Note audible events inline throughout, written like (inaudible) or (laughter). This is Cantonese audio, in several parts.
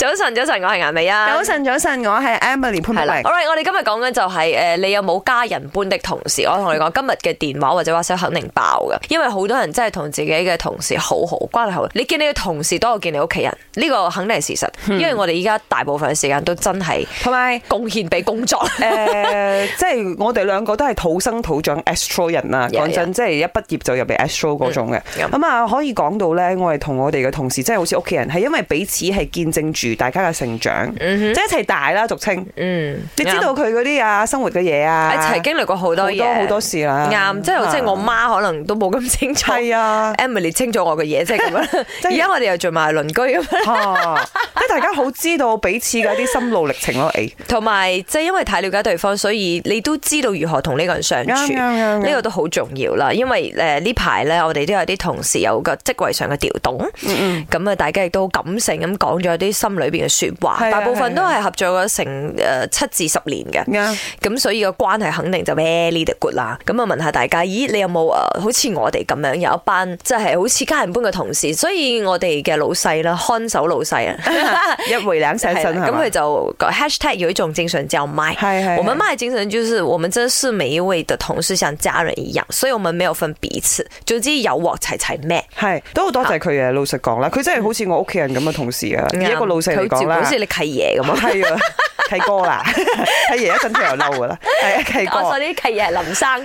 早晨，早晨，我係顏美啊！早晨，早晨，我係 Emily 潘柏麟。Alright, 我哋今日講緊就係、是、誒，你有冇家人般的同事？我同你講，今日嘅電話或者話想肯定爆嘅，因為好多人真係同自己嘅同事好好關係好。你見你嘅同事多過見你屋企人，呢、這個肯定係事實，因為我哋依家大部分嘅時間都真係同埋貢獻俾工作。呃、即係我哋兩個都係土生土長 Astro 人啊！講、yeah, yeah. 真，即係一畢業就入嚟 Astro 嗰種嘅。咁啊，可以講到咧，我哋同我哋嘅同事，即係好似屋企人，係因為彼此係見證住。大家嘅成長，嗯、即係一齊大啦，俗稱。嗯，你知道佢嗰啲啊生活嘅嘢啊，一齊經歷過好多嘢，好多，好多事啦。啱、嗯，即係即係我媽、嗯、可能都冇咁清楚。係啊，Emily 清楚我嘅嘢、嗯，即係咁、嗯、樣。而家我哋又做埋鄰居咁樣。即大家好知道彼此嘅啲心路歷程咯。誒、啊，同埋即係因為太了解對方，所以你都知道如何同呢個人相處。呢、嗯嗯這個都好重要啦，因為誒呢排咧，呃嗯、我哋都有啲同事有個職位上嘅調動。咁、嗯、啊、嗯，大家亦都感性咁講咗啲心。裏邊嘅說話，啊，大部分都係合作咗成誒七至十年嘅，咁、yeah. 所以個關係肯定就 very good 啦。咁啊，問下大家，咦，你有冇誒、呃，好似我哋咁樣有一班，即、就、係、是、好似家人般嘅同事。所以我哋嘅老細啦，看守老細 (laughs) 啊，一回兩成信，咁佢就個 hashtag 有一種精神叫 my，我們 my 精神就是，我們真係視每一位的同事像家人一樣，所以我們沒有分彼此，總之有鑊齊齊咩。係都好多謝佢嘅，老實講啦，佢真係好似我屋企人咁嘅同事啊，嗯，一個老細嚟講啦。佢好似你契爺咁樣，係啊。 (laughs) 契哥啦，契爺一陣時又嬲噶啦，係 (laughs) 契哥。所以啲契爺係林生。 (laughs) (laughs) 唔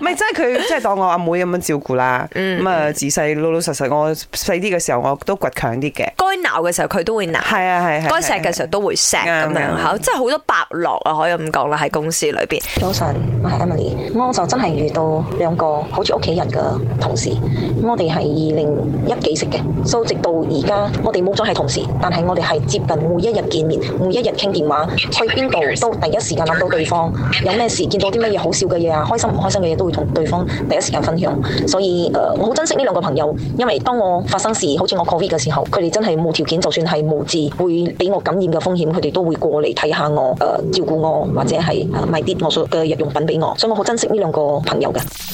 係，唔係真係佢真係當我阿妹咁樣照顧啦。咁、嗯、啊，自、嗯、細老老實實，我細啲嘅時候我都倔強啲嘅、啊啊。該鬧嘅時候佢都會鬧，係啊係。該錫嘅時候都會錫咁啊，即係好多伯樂啊，可以咁講啦喺公司裏邊。早晨，我係 Emily，我就真係遇到兩個好似屋企人嘅同事。我哋係二零一幾識嘅，到直到而家，我哋冇咗係同事，但係我哋係接近每一日見面，每一日傾電話，去邊度都第一時間諗到對方，有咩事見到啲乜嘢好笑嘅嘢啊，開心唔開心嘅嘢都會同對方第一時間分享。所以，誒、呃，我好珍惜呢兩個朋友，因為當我發生事，好似我 COVID 嘅時候，佢哋真係冇條件，就算係無字會俾我感染嘅風險，佢哋都會過嚟睇下我，誒、呃，照顧我或者係買啲我所嘅日用品俾我，所以我好珍惜呢兩個朋友嘅。